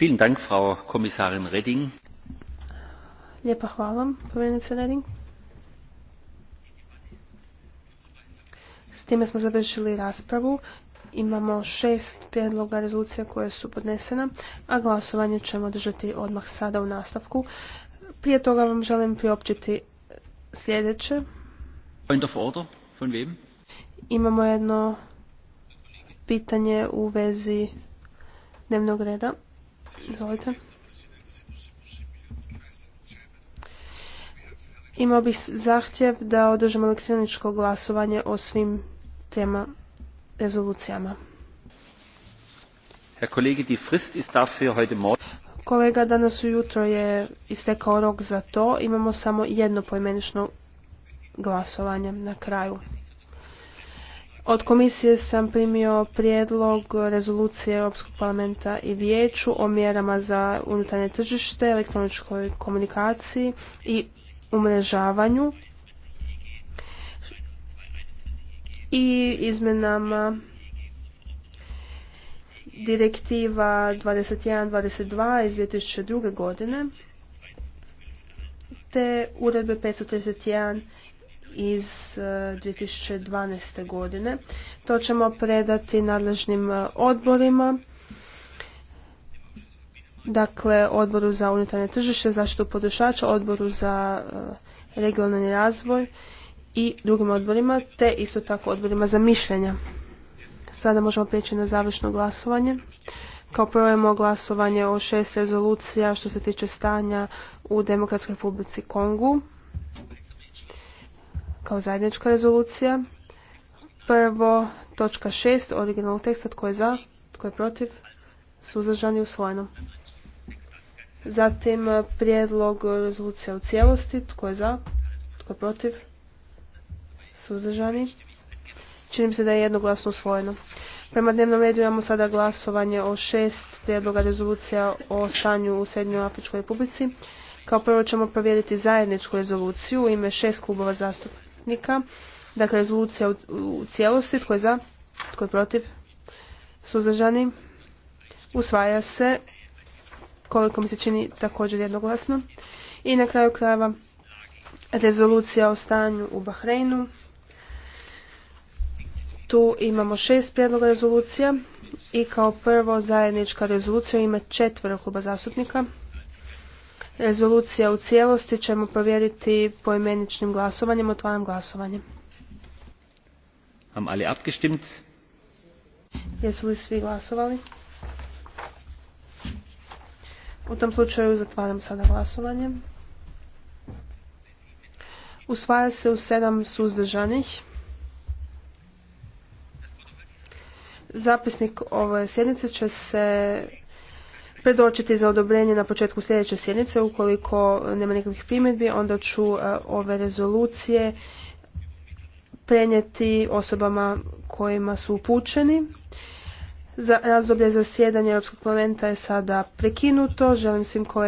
Dank, Frau Kommissarin Lijepa hvala vam, S time smo završili raspravu. Imamo šest prijedloga rezolucija koje su podnesena, a glasovanje ćemo držati odmah sada u nastavku. Prije toga vam želim priopćiti sljedeće. Imamo jedno pitanje u vezi dnevnog reda. Izvolite. Imao bih zahtjev da održimo elektroničko glasovanje o svim tema rezolucijama. Kolega, danas ujutro je istekao rok za to. Imamo samo jedno poimenično glasovanje na kraju. Od komisije sam primio prijedlog rezolucije Europskog parlamenta i vijeću o mjerama za unutarnje tržište, elektroničkoj komunikaciji i umrežavanju i izmenama direktiva 21-22 iz 2002. godine te uredbe 531 iz 2012. E, godine. To ćemo predati nadležnim e, odborima, dakle odboru za unutarnje tržište, zaštitu potrošača, odboru za e, regionalni razvoj i drugim odborima, te isto tako odborima za mišljenja. Sada možemo prijeći na završno glasovanje. Kao prvo imamo glasovanje o šest rezolucija što se tiče stanja u Demokratskoj republici Kongu kao zajednička rezolucija. Prvo, točka šest, original teksta, tko je za, tko je protiv, suzdržan usvojeno. Zatim, prijedlog rezolucija u cijelosti, tko je za, tko je protiv, suzdržani. Čini se da je jednoglasno usvojeno. Prema dnevnom redu imamo sada glasovanje o šest prijedloga rezolucija o stanju u Srednjoj Afričkoj republici. Kao prvo ćemo provjeriti zajedničku rezoluciju u ime šest klubova zastupnika zastupnika. Dakle, rezolucija u cijelosti. Tko je za? Tko je protiv? Suzdržani? Usvaja se koliko mi se čini također jednoglasno. I na kraju krajeva rezolucija o stanju u Bahreinu. Tu imamo šest prijedloga rezolucija i kao prvo zajednička rezolucija ima četvero kluba zastupnika. Rezolucija u cijelosti ćemo provjeriti poimeničnim glasovanjem. Otvaram glasovanje. Haben alle abgestimmt? Jesu li svi glasovali? U tom slučaju zatvaram sada glasovanje. Usvaja se u sedam suzdržanih. Zapisnik ove sjednice će se predočiti za odobrenje na početku sljedeće sjednice. Ukoliko nema nikakvih primjedbi, onda ću e, ove rezolucije prenijeti osobama kojima su upućeni. Za razdoblje zasjedanja Europskog parlamenta je sada prekinuto. Želim svim kolegama